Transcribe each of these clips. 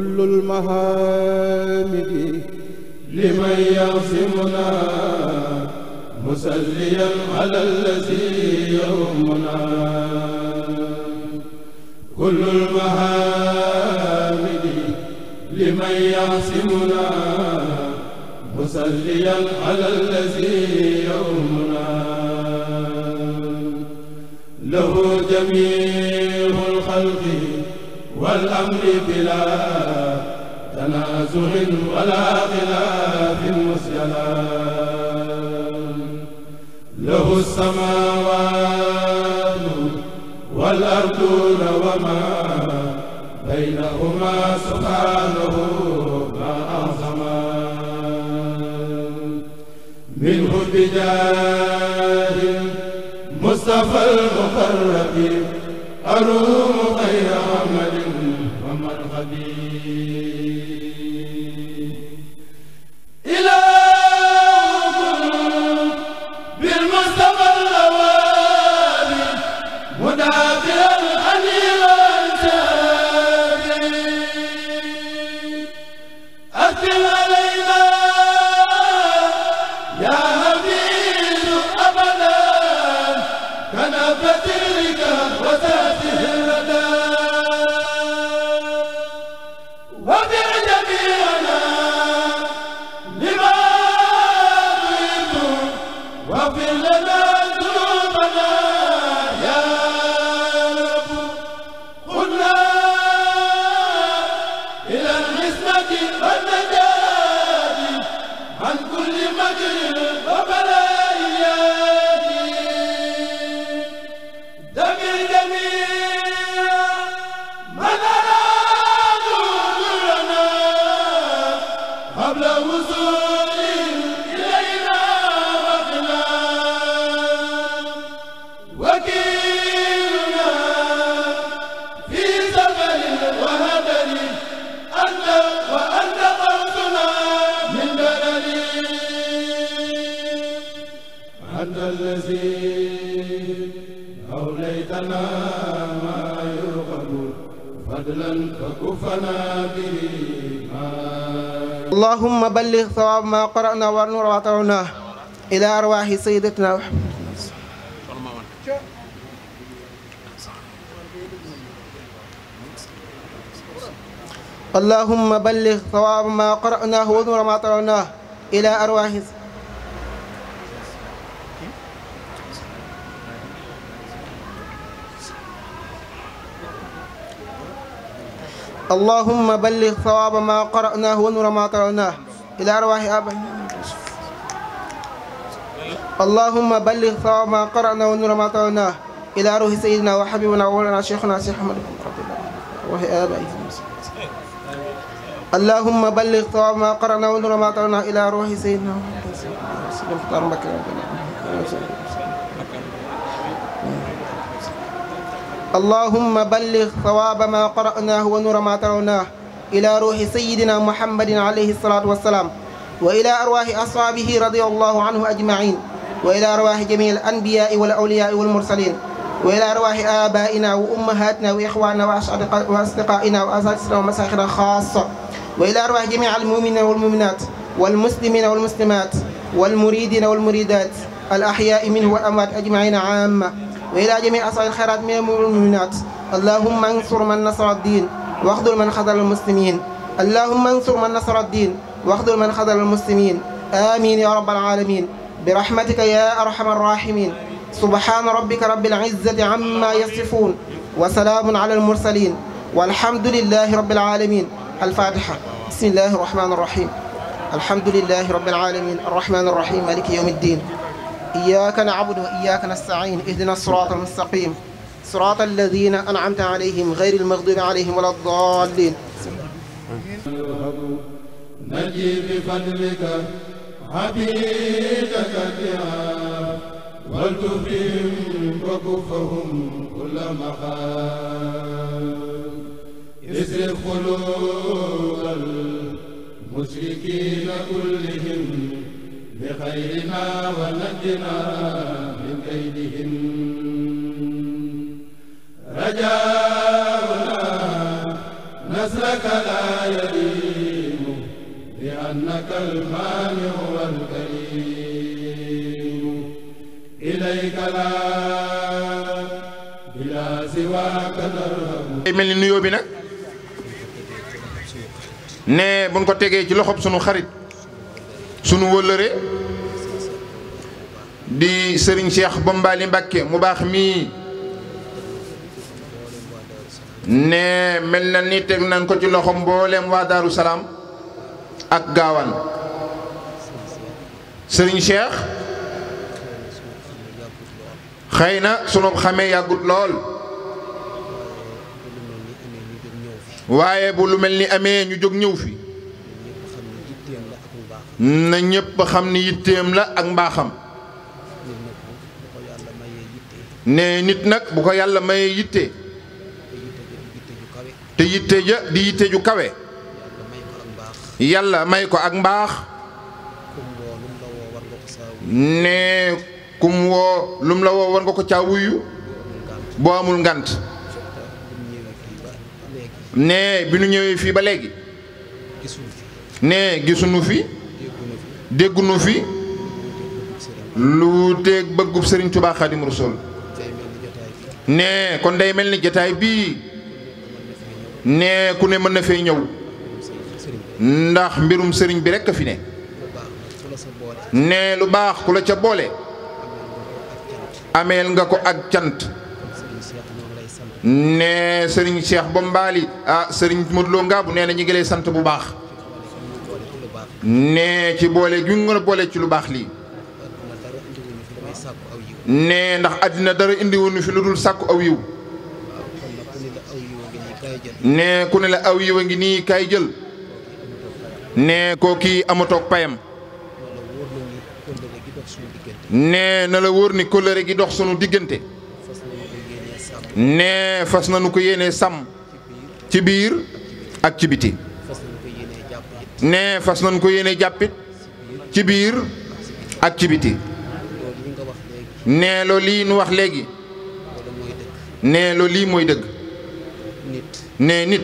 كل المحامد لمن يعصمنا مسليا على الذي يؤمنا كل المحامد لمن يعصمنا مسليا على الذي يؤمنا له جميع الخلق والأمر بلا تنازع ولا خلاف والسلام له السماوات والأرض وما بينهما سبحانه ما أعظما منه بجاه مصطفى المقرب أروم وبلغ ثواب ما قرأنا والنور وطعناه إلى أرواح سيدتنا اللهم بلغ ثواب ما قرأناه ونور ما طلعناه إلى أرواح اللهم بلغ ثواب ما قرأناه ونور ما طلعناه إلى أرواح آبائنا اللهم بلغ ثواب ما قرأنا ونور ما طلعناه إلى روح سيدنا وحبيبنا ومولانا شيخنا سيد محمد بن عبد الله وروح آبائه اللهم بلغ ثواب ما قرأنا ونور ما طلعناه إلى روح سيدنا مختار مكة اللهم بلغ ثواب ما قرأناه ونور ما طلعناه ila ruuxi sayidina muhammadin alayhi salaatu wassalaam wa ila arwaahi ashaabihi radiyallahu anhu ajmain wa ila arwaahi jamii al anbiyaai wal awliyaai wal mursalin wa ila arwaahi aabaaina wa ummahaatina wa ixwaanina wa asdiqaaina wa asaatisina wa masaaxina xaasa wa ila arwaahi jamii al muminina wal muminaat wal muslimina wal muslimaat wal muridiina wal muridaat al axyaai minhu wal amwaat ajmaina aama wa ila jamii asaail xayraat min al muminaat allahumma ansur man nasara diin واخذل من خذل المسلمين اللهم انصر من نصر الدين واخذل من خذل المسلمين آمين يا رب العالمين برحمتك يا أرحم الراحمين سبحان ربك رب العزة عما يصفون وسلام على المرسلين والحمد لله رب العالمين الفاتحة بسم الله الرحمن الرحيم الحمد لله رب العالمين الرحمن الرحيم مالك يوم الدين إياك نعبد وإياك نستعين اهدنا الصراط المستقيم صراط الذين أنعمت عليهم غير المغضوب عليهم ولا الضالين نجي بفضلك عبيدك الدعاء ولتفهم وكفهم كل مخال اسرف قلوب المشركين كلهم بخيرنا ونجنا من كيدهم mel ni nuyoo bi nag ne buñ ko tegee ci loxob sunu xarit sunu wëllëre di sëriñ Cheikh Bombali Mbàkke mu baax mii ne mel na ni teg nañ ko ci loxo mboolem waa Daaru Salaam ak gaawaan sëriñ Cheikh xëy na sunu xamee yàggut lool waaye bu lu mel ni amee ñu jóg ñëw fi na ñépp xam ni yitteem la ak mbaaxam ne nit nag bu ko yàlla mayee yitte te yitte di yitte ju kawe yàlla may ko ak mbaax ne kum woo lum la woo war nga ko caa boo amul ngant ne bi nu ñëwee fii ba léegi ne gisuñu fi déggunu fi lu teeg bëggub Sëriñ Tuubaa Xaadimu Rasuul kon day mel ni jataay bii nee ku ne mën na fee ñëw ndax mbirum sëriñ bi rekk a fi ne nee lu baax ku la ca boole ameel nga ko ak cant nee sëriñ Cheikh ba mbaali ah sëriñ Modou Lo bu nee na ñu ngi sant bu baax nee ci boole gi nga boole ci lu baax lii nee ndax àddina dara indiwoon fi lu dul sàkku aw yiw ne ku ne la aw yiw a ngi nii kay jël ne ko kii amatoog payam ne na la wóor ni kóllëre gi dox sunu diggante ne fas na nu ko yéenee sàmm ci biir ak ci biti ne fas na nu ko yéenee jàppit ci biir ak ci biti ne loolu lii nu wax léegi ne loolu lii mooy dëgg nee nit.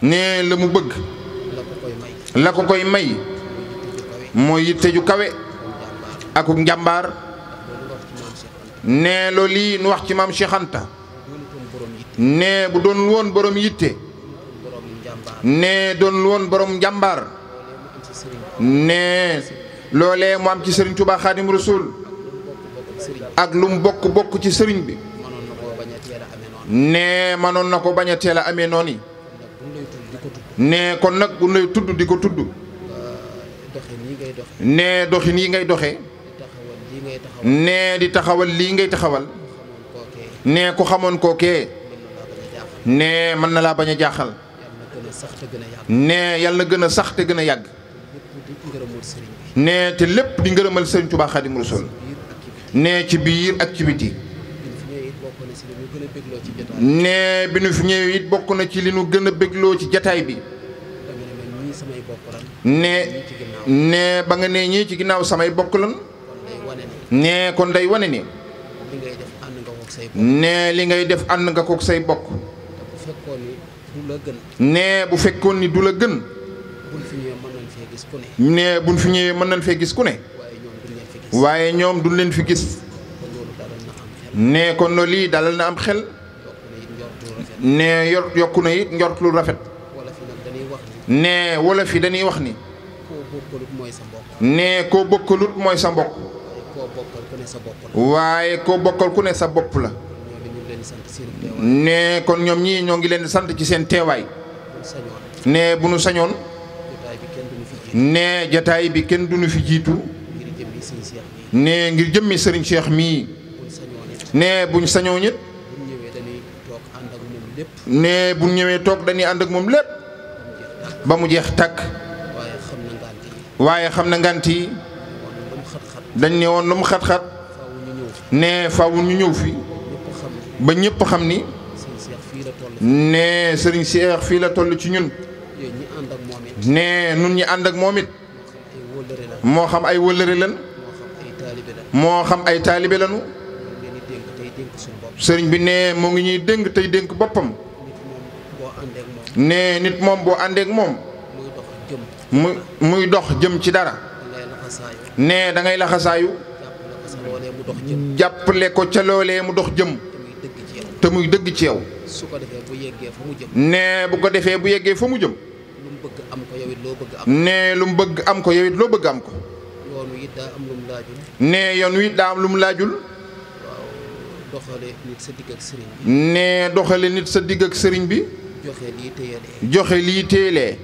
nee la mu bëgg. la ko koy may. mooy yitte ju kawe. akuk njàmbar nee loolu nu wax ci maam Cheikh Anta. nee bu doon woon borom yitte. nee doon woon borom njàmbar nee loolee mu am ci Serigne Touba Khadim Rasoul. ak lu mu bokk bokk ci sëriñ bi. nee manoon na ko bañ a teel a amee noonu yi nee kon nag bu lay tudd di ko tudd nee doxin yi ngay doxe nee di taxawal lii ngay taxawal nee ko xamoon kookee nee mën na laa bañ a jaaxal nee yàlla na gën a sax te gën a yàgg nee te lépp di ngërëmal Sëriñ Tuubaa Xaadimu Rasuul nee ci biir ak ci biti ne bi nu fi ñëwee it bokk na ci li nu gën a bégloo ci jataay bi. ne ne ba nga nee ñii ci ginnaaw samay bokk lan. ne kon day wane ni. ne li ngay def ànd nga kook say bokk. ne bu fekkoon ni du la gën. ne buñ fi ñëwee mën na fee gis ku ne. waaye ñoom duñ leen fi gis. nee kon no lii dalal na am xel nee yor yokku na it njort lu rafet nee wolof yi dañuy wax ni nee koo bokkalut mooy sa mbokk waaye koo bokkal ku ne sa bopp la nee kon ñoom ñii ñoo ngi leen sant ci seen teewaay nee bu nu sañoon nee jataay bi kenn du nu fi jiitu nee ngir jëmmi sëriñ Cheikh mii nee buñ sañoo ñit nee buñ ñëwee toog dañuy ànd ak moom lépp ba mu jeex takk waaye xam na ngant yi dañ ne woon lu mu xat-xat nee faawu ñu ñëw fi ba ñëpp xam ni nee sëriñ Seex fii la toll ci ñun nee nun ñi ànd ak moom it moo xam ay wëllëre lan moo xam ay taalibe lanu sëriñ bi nee moo ngi ñuy dénk tey dénk boppam. nee nit moom boo àndeek moom. muy muy dox jëm ci dara. nee da ngay laxasaayu. jàppale ko ca loolee mu dox jëm. te muy dëgg ci yow. nee bu ko defee bu yeggee fa mu jëm. nee lu mu bëgg am ko yow it loo bëgg am ko. nee yoon wi daa am lu mu laajul. doxale sa digg ak nee doxale nit sa digg ak sëriñ bi. joxe lii téyelee. joxe lii téyelee.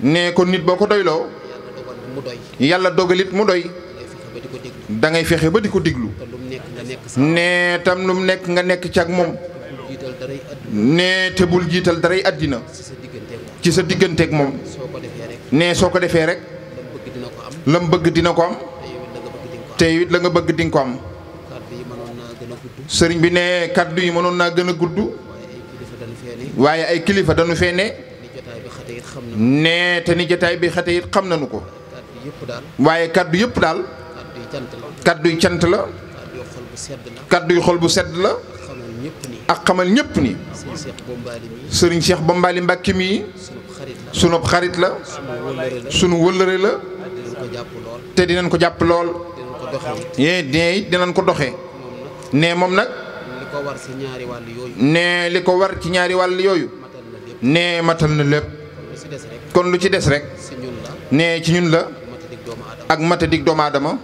nee ko nit boo ko doyloo. yàlla dogal it mu doy. da ngay fexe ba di ko déglu nee tam lu mu nekk nga nekk ci ak moom. nee te jiital daray àddina. ci sa diggante ak moom. nee soo ko defee rek. lam bëgg dina ko am. te la nga bëgg di nga ko am. sëriñ bi ne kàddu yi mënoon naa gën a gudd. waaye ay kilifa dañu fee ne. ne te ni bi xate it xam nañu ko. waaye kaddu yëpp daal. kaddu yu cant la. kaddu yu xol bu sedd la. ak xamal ñëpp ni. sëriñ Cheikh Bombali Mbàkke mii. sunub xarit la. sunu wëllëre la. te dinañ ko jàpp lool. yee dinañ ko doxee. nee moom nag. war ci wàll yooyu. nee li ko war ci ñaari wàll yooyu. nee matal na lépp. kon lu ci des rek. nee ci ñun la. ak matadik doomu aadama.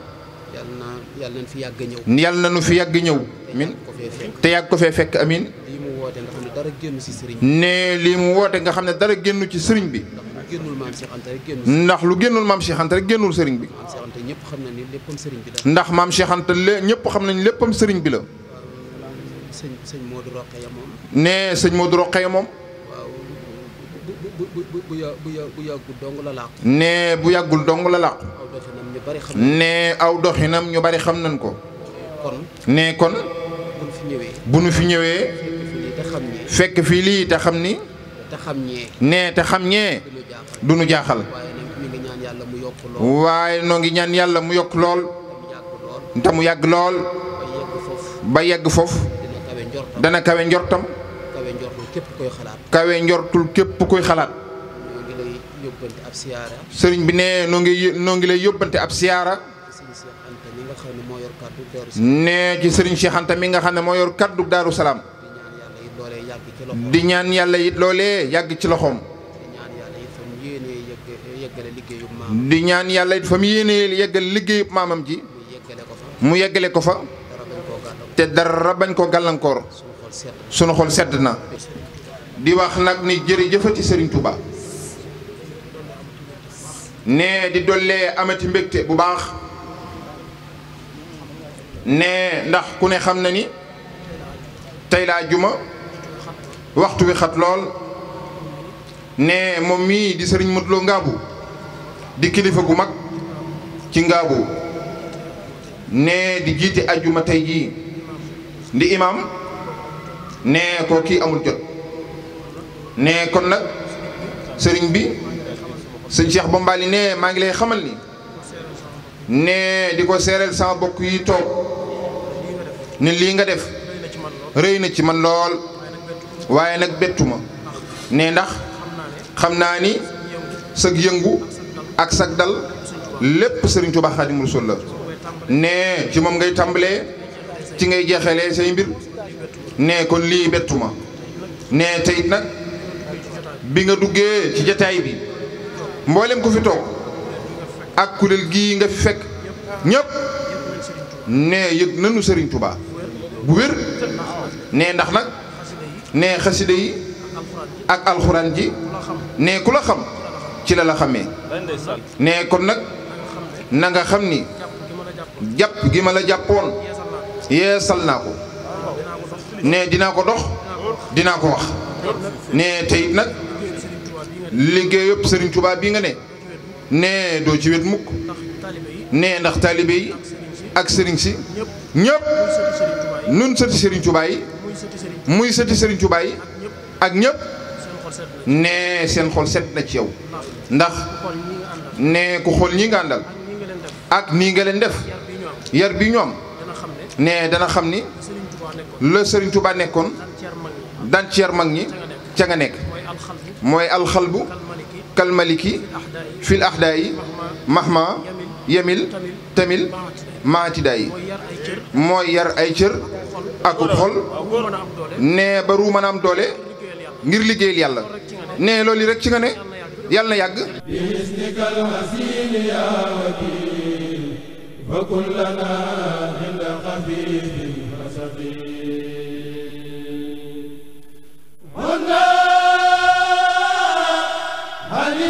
yàlla na fi yàgg ñëw. yàlla na nu fi yàgg ñëw. amin te yàgg ko fee fekk amin. nee lii mu woote nga xam ne dara génn ci sëriñ bi. ndax lu génnul maam Cheikh Anta rek génnul sëriñ bi. ndax maam Cheikh Anta ñëpp xam nañ léppam sëriñ bi la. nee euh, sëñ Modou Rokhaya moom. bu yàggul dong la làqu. nee bu yàggul dong la làqu. nee aw doxinam ñu bari xam nañ ko. nee kon. bu nu fi ñëwee. fekk fii lii te xam ni. xam ñee. nee te xam ñee. du nu jaaxal. waaye noo ngi ñaan yàlla mu yokk lool. te mu yàgg lool. ba yegg foofu. dana kawe njortam. kawe njortul képp koy xalaat. kawe koy xalaat. sëriñ bi nee noo ngi noo ngi lay yóbbante ab siyaara. nee ci sëriñ Cheikh mi nga xam ne moo yor kaddu Daaru Salaam. di ñaan yàlla it loolee yàgg ci loxoom. di ñaan yàlla it fa mu yéenee yeggal liggéeyub maamam ji. mu yeggale ko fa. te dara bañ koo gàllankoor. sunu xol sedd na. di wax nag ni jërëjëfati Serigne Touba. ne di dollee amati mbégte bu baax. ne ndax ku ne xam na ni. tey laa juma. waxtu wi xat lool ne moom mii di sëriñ Modou ngaabu di kilifa gu mag ci Ngabou ne di jiite ajjuma tey jii di imam ne ko kii amul jot ne kon nag sëriñ bi sa sëñ ba Bombali ne maa ngi lay xamal ni ne di ko seereel sama bokk yi toog ne lii nga def rëy na ci man lool waaye nag bettu ma ne ndax xam naa ni sag yëngu ak sag dal lépp sëriñ Touba Xaadimu Rasuul la ne ci moom ngay tàmbalee ci ngay jeexalee say mbir nee kon lii bettu ma ne teyit nag bi nga duggee ci jataay bi mboolem ku fi toog ak kuréel gii nga fi fekk ñépp ne yëg nanu Serigne Touba bu wér ne ndax nag nee xasida yi ak alxuraan ji nee ku la xam ci la la xamee nee kon nag na nga xam ni jàpp gi ma la jàppoon yeesal naa ko nee dinaa ko dox dinaa ko wax nee te it nag liggéey yëpp sëriñ Touba bii nga ne nee doo ci wet mukk nee ndax taalibe yi ak sëriñ si ñëpp nun sëti Serigne Touba yi muy sëti Serigne Touba yi ak ñëpp nee seen xol set na ci yow ndax nee ku xool ñi nga àndal ak nii nga leen def yar bi ñoom nee dana xam ni la Serigne Touba nekkoon daan yar mag ñi ca nga nekk mooy alxalbu kalmaliki fil axdaa yi yemil tamil maatidaa yi mooy yar ay cër ak xol nee ba ruu am doole ngir liggéeyal yàlla nee loolu rek ci nga ne yàlla na yàgg Hadi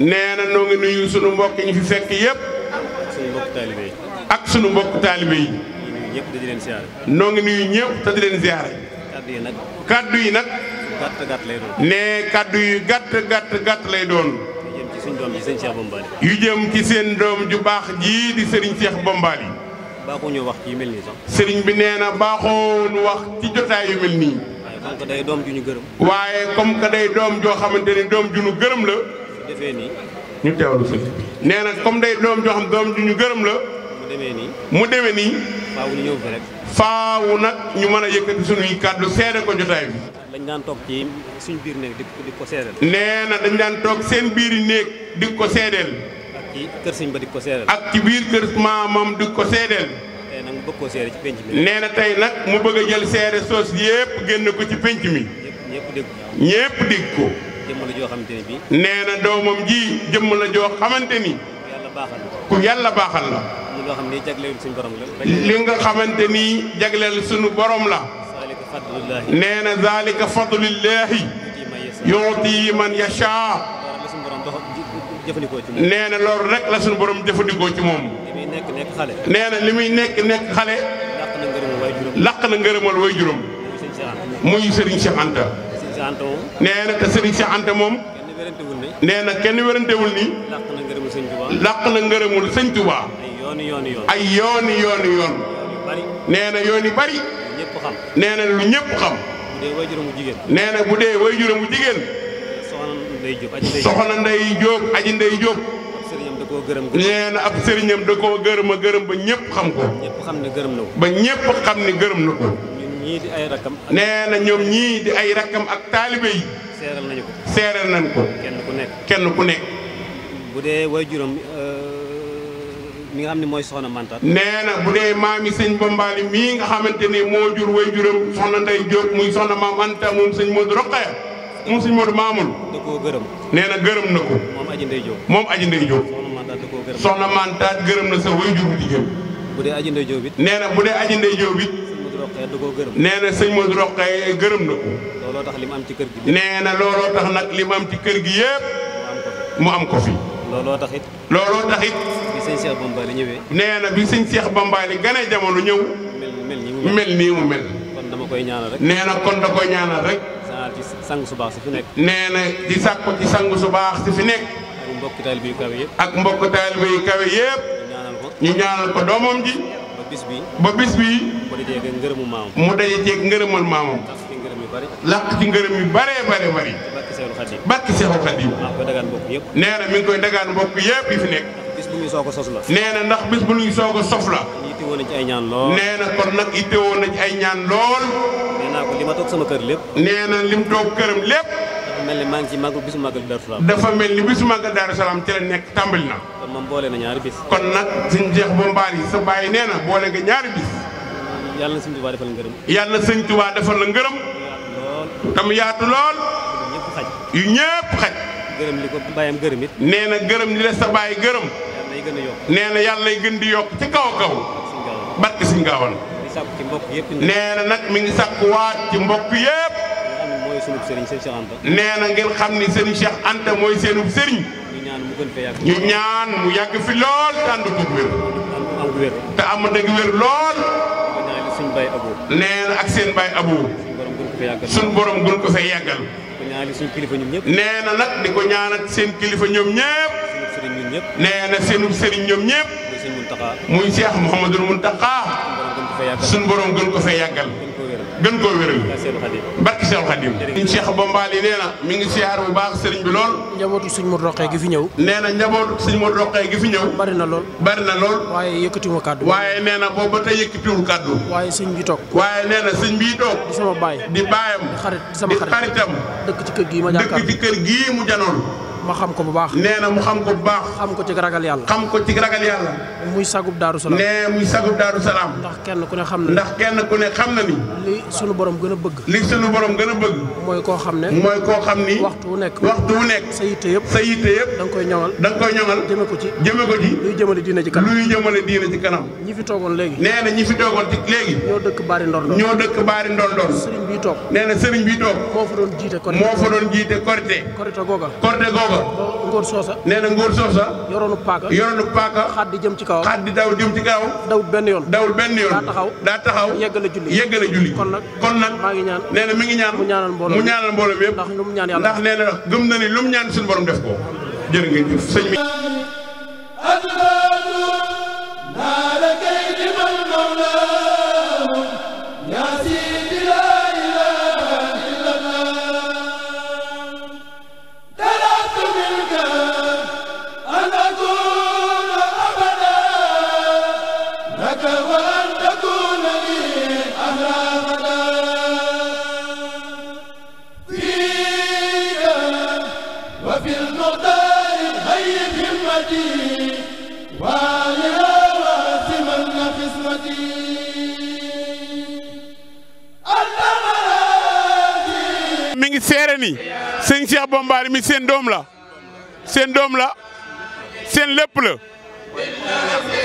nee na noo ngi sunu mbokk ñu fi fekk yëpp. ak sunu mbokk yi. ak sunu mbokk taalibe yi. ñëpp di leen ziare. noo ngi nuyu ñëpp leen ziare. yi nag. kaddu yi nag. gàtt gàtt lay yu gàtt gàtt gàtt lay doon. yu jëm ci seen doom sëñ Cheikh Bombali. yu jëm seen doom ju baax jii di Serigne Cheikh Bombali. baaxoo ñu wax ci yu mel bi nee na baaxoo ñu wax ci jotaay mel nii. comme day doom ju ñu gërëm. waaye comme que day doom joo xamante ni doom ju ñu gërëm la. su defee nii. ñu teewlu si. nee na comme day doom joo xam doom ju gërëm la. mu demee nii. mu demee nii. faaw ñu ñëw fi rek. faaw nag ñu mën a yëkkati suñuy kàddu seede ko jotaay bi. dañ daan toog ci suñ biir néeg di ko seedeel. nee na dañ daan toog seen biir néeg di ko seedeel. ak ci sëñ ba di ko seedeel. ak ci biir kër maamam di ko seedeel. nee na tey nag mu bëgg a jël seere soos yépp génn ko ci pénc mi. ñépp dégg ko. jëmm la joo xamante ni bii. nee na doomam ji jëmm la joo xamante ni. ku yàlla baaxal la. li nga xamante ni jagleel sunu borom la. nee na zaalika fadlillaahi yuuti man yashaa. nee na loolu rek la suñu borom jëfandikoo ci moom. nekk nekk xale. nee na li muy nekk nekk xale. làq na ngërëmal way juróom. muy Serigne Cheikh Anta. nee na te Serigne Cheikh Anta moom. nee kenn werantewul ni. làq na ngërëmul sëñ Touba. ay yooni yooni yoon. nee na yoon yu bari. nee na lu ñëpp xam. nee na bu dee way juróomu jigéen. soxna Ndeye Diop aji Ndeye Diop. koo gërëm na ab sëriñam da koo gërëm a gërëm ba ñëpp xam ko. ñëpp xam ne gërëm ba ñëpp xam ne gërëm na ko. ñoom ñii di ay rakkam. nee na ñoom ñii di ay rakkam ak taalibe yi. seeral nañu ko. seeral nañ ko. kenn ku nekk kenn ku nekk. bu dee waajuram euh, mi nga xam ne mooy soxna Manta. nee na bu dee maami sëñ Bambaali mii nga xamante ne moo jur waajuram soxna Ndey Diop muy soxna maam Anta moom sëñ Modou Rokhaya moom sëñ Modou Mamoul. da koo gërëm. nee gërëm na ko. moom aji Ndey Diop moom aji Ndey Diop. soxna Mantaat gërëm na sa way juru jigéen bu dee aji ndey Jóob it nee na bu dee aji ndey Jóob it nee na sëñ looloo tax am ci kër gi nee na looloo tax nag li mu am ci kër gi yëpp mu am ko fi looloo tax it looloo tax it bi sëñ Cheikh Bambaali ñëwee nee na bi sëñ Cheikh Bambaali gane jamono ñëw mel nii mu mel kon dama koy ñaanal rek nee kon da koy ñaanal rek nee na di sàkku ci sang su baax si fi nekk ak mbokk taalibe yu kawe ak mbokk taalibe yu ñu ñaanal ko doomam ji. bis bi ba bis bi. mu dajee ak ngërëmu maamam. mu dajee ak ngërëmal maamam. làq ci ngërëm yu bëree bëri bëri. bàkki Seexul Xadiim bàkki Seexul Xadiim. nee na mi ngi koy dagaan mbokk yëpp yi fi nekk. bis bu ñuy soog a sos la. nee na ndax bis bu ñuy soog a sof la. na ci nee na kon nag yitte woon na ci ay ñaan lool. nee naa ko li ma toog sama kër lépp. nee na lim toog këram lépp. dafa mel ni maa ngi ci màggal bisu màggal Daaru Salaam. dafa mel ni bisu màggal Daaru Salaam ci la nekk tàmbali na. kon moom boole na ñaari bis. kon nag suñ jeex ba mbaar yi sa bàyyi nee na boole nga ñaari bis. yàlla na sëñ Tuubaa defal la ngërëm. yàlla na sëñ Tuubaa defal la ngërëm. tam yaatu lool. yu ñëpp xaj. gërëm li ko bàyyam gërëm it. nee na gërëm li la sa bàyyi gërëm. nee na yàlla lay gën di yokk ci kaw kaw. barke nee na nag mi ngi sàkkuwaat ci mbokk yëpp. nee na ngeen xam ni sëriñ Cheikh Anta mooy seenu sëriñ. ñu ñaan mu yàgg fi lool te ànd dug wér. te am dëgg wér lool. nee na ak seen baay Abou. suñ borom gën ko fay yàggal. nee na nag di ko ñaanal seen kilifa ñoom ñëpp. nee na seenub sëriñ ñoom ñëpp. muy Cheikh Mouhamadul Mountakha. suñ borom gën ko fay yàggal. gën koo wéral. Seex Xadim Seex Bambaali nee na mi ngi siyaar bu baax sëriñ bi lool njabootu sëñ Modou Roqee gi fi ñëw nee na njabootu sëñ Modou Roqee gi fi ñëw bari na lool bari na lool waaye yëkkatiwuma kàddu waaye nee na boobu ba tey yëkkatiwul kàddu waaye sëñ bi toog waaye nee na sëñ bi toog sama baay di baayam di xaritam dëkk ci kër gii mu janoon ma xam ko bu baax. nee na mu xam ko bu baax. xam ko ci ragal yàlla. xam ko ci ragal yàlla. muy sagub daaru salaam. nee muy sagub daaru salaam. ndax kenn ku ne xam na. ndax kenn ku ne xam na ni. li sunu borom gën a bëgg. li sunu borom gën a bëgg. mooy koo xam ne. mooy koo xam ni. waxtu wu nekk waxtu wu nekk. sa yitte yëpp yëpp. da nga koy ñoŋal da koy ñoŋal. jëme ko ci jëme ko ci. luy jëmale diina ci kanam luy jëmale diina kanam. ñi fi toogoon léegi. nee na ñi fi toogoon ci léegi. ñoo dëkk baari ndondor ñoo baari ndondor. sëriñ bi toog nee na sëriñ bi toog. moo fa doon jiite korite. moo fa doon jiite korite. korite googa. korite googa. yor. ngóor soosa nee na ngóor soosa. yoroonu paaka yoroonu paaka. xaat di jëm ci kaw xaat di daw jëm ci kaw. daw benn yoon dawul benn yoon. daa taxaw daa taxaw yeggale julli yeggale julli. kon nag kon nag maa ngi ñaan nee na mi ngi ñaan. mu ñaanal mbooloo mu ñaanal mbooloo bi yëpp. ndax lu mu ñaan yàlla ndax nee na gëm na lu mu ñaan suñu borom def ko. jërë ngeen jëf sëñ bi. أثبات نار كيد من مولاه seere ni sëñ Cheikh Bombali mi seen doom la seen doom la seen lépp la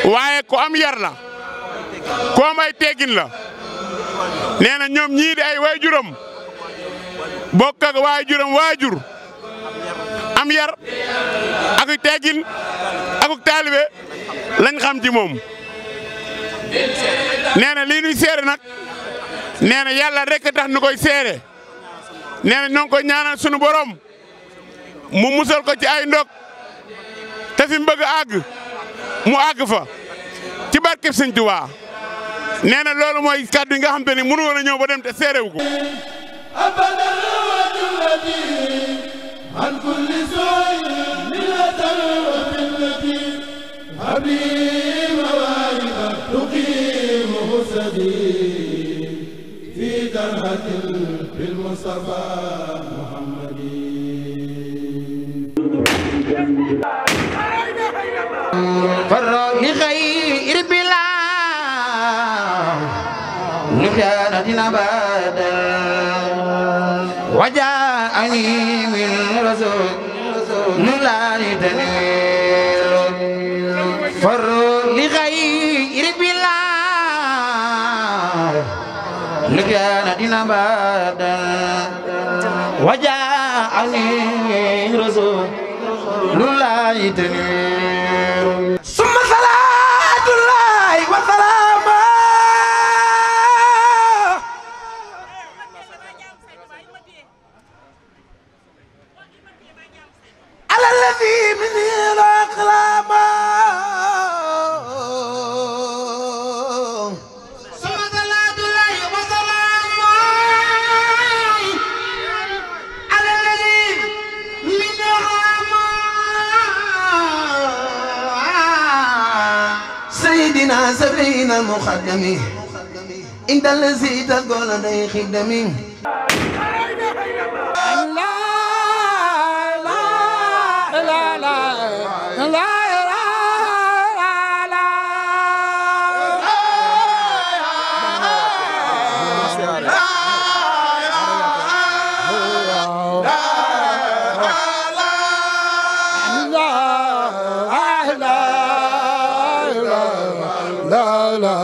waaye ku am yar la ku am ay teggin la neena ñoom ñii di ay waajuram bokk ak waajuram waajur am yar ak teggin akuk taalibe lañ xam ci moom nee na lii seere nag nee na yàlla rek tax nu koy seere nee na ñoo ngi ko sunu borom mu musal ko ci ay ndog te fi mu bëgg mu àgg fa ci barkeb Sëñ Tuubaa nee loolu mooy kàddu yi nga xam te ni mënu woon a ba dem te seerewu ko وجاءني من رسول لا يدني فر لكان دينا بادا وجاءني رسول الله تنير مخدمي إن الذي تقول ضيق دمي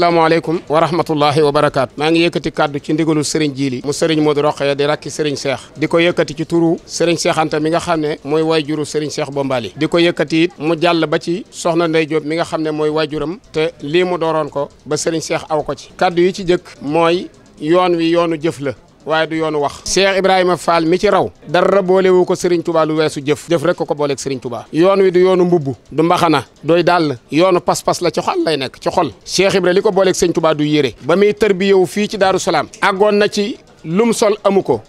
asalaamaaleykum wa rahmatullahi wa barakaatu maa ngi yëkkati kàddu ci ndigalu sëriñ jiili mu sëriñ Modou Rokhaya di rakki sëriñ Cheikh di ko yëkkati ci turu sëriñ Cheikh mi nga xam ne mooy waajuru sëriñ Cheikh Bombali di ko yëkkati mu jàll ba ci soxna Ndey Jóob mi nga xam ne mooy waajuram te lii mu dooroon ko ba sëriñ Cheikh aw ko ci kàddu yi ci jëkk mooy yoon wi yoonu jëf la waaye du yoonu wax Cheikh Ibrahima Fall mi ci raw dara boolewu ko Serigne Touba lu weesu jëf jëf rek ko ko booleeg Serigne Touba yoon wi du yoonu mbubb du mbaxana doy dàll yoonu pas-pas la ci xol lay nekk ci xol Cheikh Ibrahima li ko booleeg Serigne Touba du yére ba muy tërbiyewu fii ci Daaru Salaam na ci lum sol amu ko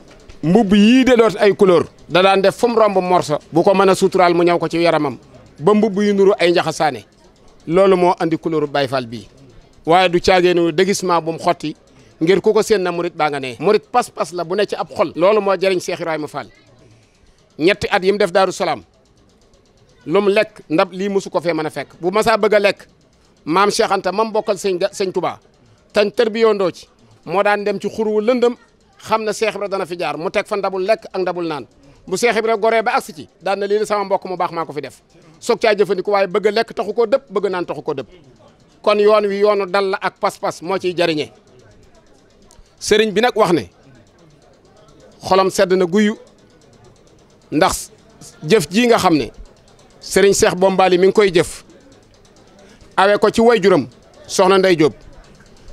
mbubb yii de doot ay couleur da daan def fu mu romb morso bu ko mën a suuturaal mu ñëw ko ci yaramam ba mbubb yu nuru ay njaxasaane loolu moo andi couleur Baye Fall bii waaye ngir ku ko seen na murit baa nga nee murit pas-pas la bu ne ci ab xol loolu moo jëriñ Cheikh Ibrahima Fall ñetti at yi mu def Daaru Salaam lu mu lekk ndab lii mosu ko fee mën a fekk bu masaa bëgg a lekk maam Cheikh Anta mam bokkal sëñ sëñ Touba tañ tër bi yondoo ci moo daan dem ci xuruwu lëndëm xam na Cheikh Ibra dana fi jaar mu teg fa ndabul lekk ak ndabul naan bu Cheikh Ibra goree ba agsi ci daan na lii la sama mbokk mu baax maa ko fi def soog caa jëfandiku waaye bëgg lekk taxu ko dëpp bëgg naan taxu ko dëpp kon yoon wi yoonu dal la ak pas moo ciy jariñe sëriñ bi nag wax ne xolam sedd na guyu ndax jëf ji nga xam ne sëriñ Cheikh Bombali mi ngi koy jëf awe ko ci way juram soxna Ndey Jóob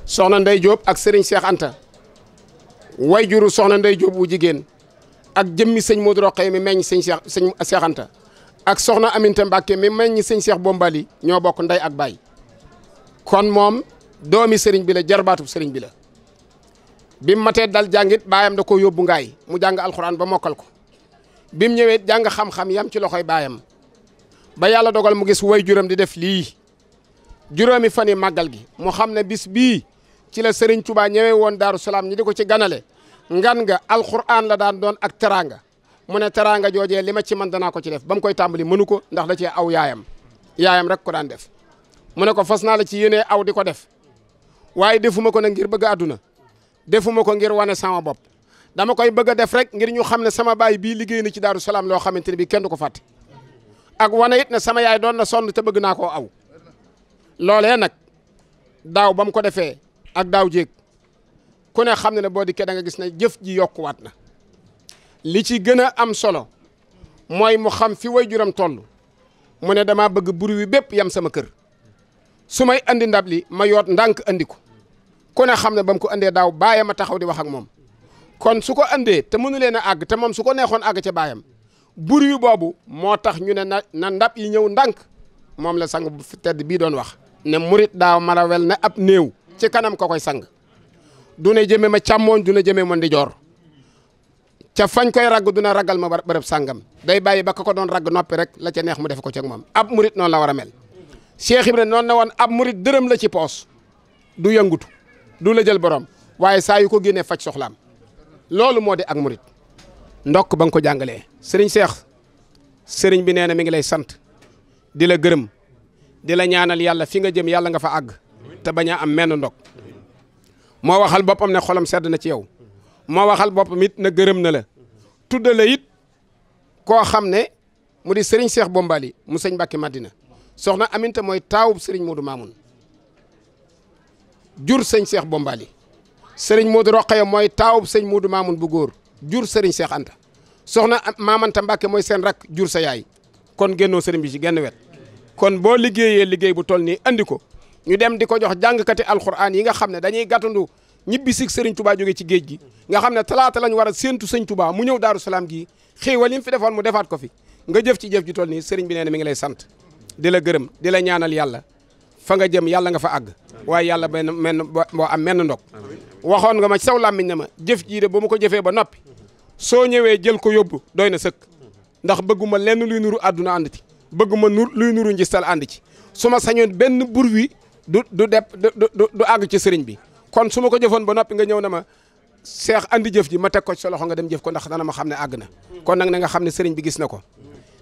soxna Ndey Jóob ak sëriñ Cheikh way wayjuru soxna Ndey Jóob wu jigéen ak jëmmi sëñ Modou Rokhaya mi meññ sëñ Cheikh sëñ ak soxna Aminta Mbàkke mi meññ sëñ Cheikh Bombali ñoo bokk nday ak baay kon moom doomi sëriñ bi la jarbaatub sëriñ bi la bi mu matee dal jàngit baayam da ko yóbbu ngaay mu jàng alxuraan ba mokkal ko bi mu ñëwee jàng xam-xam yam ci loxoy baayam ba yàlla dogal mu gis way juróom di def lii juróomi fan yi màggal gi mu xam ne bis bii ci la sëriñ Touba ñëwee woon Daaru Salaam ñi di ko ci ganale ngan nga alxuraan la daan doon ak teraanga mu ne teraanga joojee li ma ci man danaa ko ci def ba mu koy tàmbali mënu ko ndax da cee aw yaayam yaayam rek ko daan def mu ne ko fas naa la ci yéenee aw di ko def waaye defuma ko nag ngir bëgg àdduna defuma ko ngir wane sama bopp dama koy bëgg def rek ngir ñu xam ne sama baay bii liggéey na ci Daaru Salaam loo xamante ne bii kenn du ko fàtte ak wane it ne sama yaay doon na sonn te bëgg naa koo aw loolee nag daaw ba mu ko defee ak daaw jeeg ku ne xam ne ne boo dikkee da gis ne jëf ji yokkuwaat na li ci gën a am solo mooy mu xam fi way juram toll mu ne damaa bëgg buru bépp yam sama kër su may andi ndab li ma yoot ndànk andi ko ku ne xam ne ba mu ko andee daaw baayam a taxaw di wax ak moom kon su ko andee te mënu leen a àgg te moom su ko neexoon àgg ca baayam bur yu boobu moo tax ñu ne na na ndab yi ñëw ndànk moom la sang bu tedd bii doon wax ne murit daaw marawel ne ab néew ci kanam ko koy sang du ne jëme ma càmmooñ du ne jëme ma ndijoor ca fañ koy ragg duna ragal ma bërëb sàngam day bàyyi ba ka ko doon ragg noppi rek la ca neex mu def ko ca moom ab murit noonu la war a mel Cheikh Ibrahima noonu ne woon ab murit dërëm la ci poos du yëngutu du la jël borom waaye saa yu ko génnee faj soxlaam loolu moo di ak murit ndokk ba nga ko jàngalee. sëriñ Seex sëriñ bi nee na mi ngi lay sant di la gërëm di la ñaanal yàlla fi nga jëm yàlla nga fa àgg te bañ a am menn ndok moo waxal boppam ne xolam sedd na ci yow moo waxal boppam it na gërëm na la tuddala it koo xam ne mu di sëriñ Seex Bombali mu sëñ Mbàkke Madina soxna Aminta mooy taawub sëriñ Modou Mamoun. jur sëñ Cheikh Bombali sëriñ Modou Rokhaya mooy taawu sëñ Modou Mamoun bu góor jur sëriñ Cheikh Anta soxna Maamanta Mbàkke mooy seen rak jur sa yaay kon génnoo sëriñ bi ci genn wet kon boo liggéeyee liggéey bu toll nii andi ko ñu dem di ko jox jàngkati alxuraan yi nga xam ne dañuy gàttandu ñibbi si sëriñ Touba jóge ci géej gi nga xam ne talaata lañ war a séentu sëñ Touba mu ñëw Daaru Salaam gii xéewal yi mu fi defoon mu defaat ko fi nga jëf ci jëf ji toll nii sëriñ bi nee na ngi lay sant di la gërëm di la ñaanal yàlla fa nga jëm yàlla nga fa àgg waaye yàlla benn menn boo am menn ndog waxoon nga ma sew saw na ma jëf jii de boo ma ko jëfee ba noppi soo ñëwee jël ko yóbbu doy na sëkk ndax bëgguma lenn luy nuru àdduna ànd ci bëgguma nur luy nuru njistal ànd ci su ma sañoon benn bur wi du du depp du àgg ci sëriñ bi kon su ma ko jëfoon ba noppi nga ñëw na ma seex andi jëf ji ma teg ko ci sa loxo nga dem jëf ko ndax dana ma xam ne àgg na kon nag na nga xam ne sëriñ bi gis na ko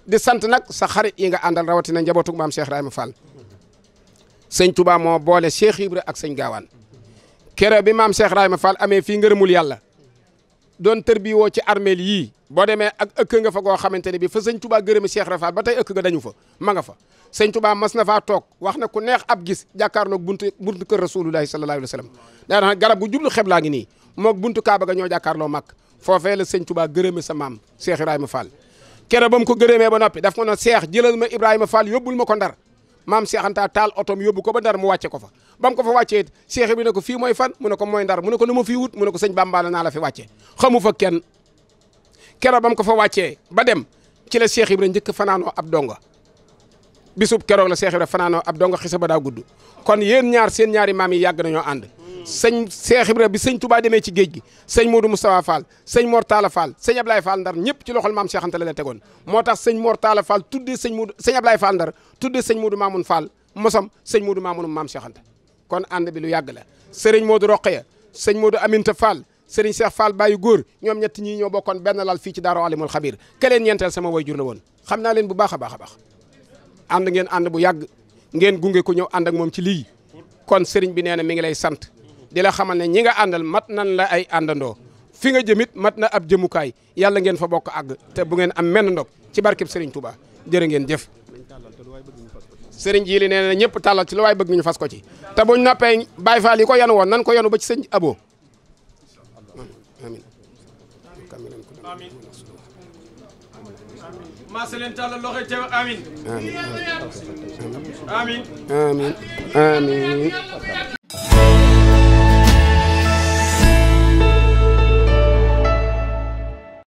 di sant nag sa xarit yi nga àndal rawatina njabootu maam Cheikh Ibrahima Fall sëñ Touba moo boole Cheikh Ibra ak sëñ Gaawaan kere bi maam Cheikh Rahima Fall amee fii ngërëmul yàlla doon tër bi woo ci armeel yii boo demee ak ëkk nga fa goo xamante ne bi fa sëñ Touba gërëmi Cheikh Rahima Fall ba tey ëkk ga dañu fa ma nga fa sëñ mas na faa toog wax na ku neex ab gis jàkkaarloog buntu buntu kër rasulullahi sallallahu alayhi wa sallam daana garab gu jublu xeblaa ngi nii moog buntu Kaaba ga ñoo jàkkaarloo mag foofee la sëñ Touba gërëme sa maam Cheikh Ibrahima Fall kere ba mu ko gërëmee ba noppi daf ko ne Cheikh jëlal ma Ibrahima Fall yóbbul ma ko ndar maam Cheikh Anta taal otoom yóbbu ko ba ndar mu wàcce ko fa ba ko fa wàccee it Cheikh bi ne ko fii mooy fan mu ne ko mooy ndar mu ne ko nu ma fii wut mu ne ko sëñ Bamba la naa la fi wàccee xamu fa kenn keroog ba ko fa wàccee ba dem ci la Cheikh Ibra njëkk fanaanoo ab donga bisub keroog la Cheikh Ibra fanaanoo ab donga xisa ba daa gudd kon yéen ñaar seen ñaari maam yi yàgg nañoo ànd sëñ seex Ibra bi sëñ Touba demee ci géej gi sëñ Modou Moustapha Fall sëñ Mor Talla Fall sëñ Ablaye Fall Ndar ñëpp ci loxol maam Cheikh Anta la la tegoon moo tax sëñ Mor Talla Fall tuddee sëñ Modou sëñ Ablaye Fall Ndar tuddee sëñ Modou Mamoun Fall mosam sëñ Modou Mamoun maam Cheikh Anta kon ànd bi lu yàgg la sëriñ Modou Roqeya sëñ Modou Aminta Fall sëriñ seex faal Baye góor ñoom ñett ñii ñoo bokkoon benna laal fii ci Daaru Alimul Xabir keleen ñeenteel sama way jur la woon xam naa leen bu baax a baax a ngeen ànd bu yàgg ngeen gunge ko ñëw ànd moom ci lii kon sëriñ bi nee na mi ngi lay sant di la xamal ne ñi nga àndal mat nan la ay àndandoo fi nga jëmit mat na ab jëmukaay yàlla ngeen fa bokk àgg te bu ngeen am menn ndog ci barkeb Serigne Touba jërë ngeen jëf. Serigne Jili nee na ñëpp tàllal ci lu waay bëgg ñu fas ko ci te buñ noppee Baye Fall ko yanu woon nan ko yanu ba ci sëñ Abo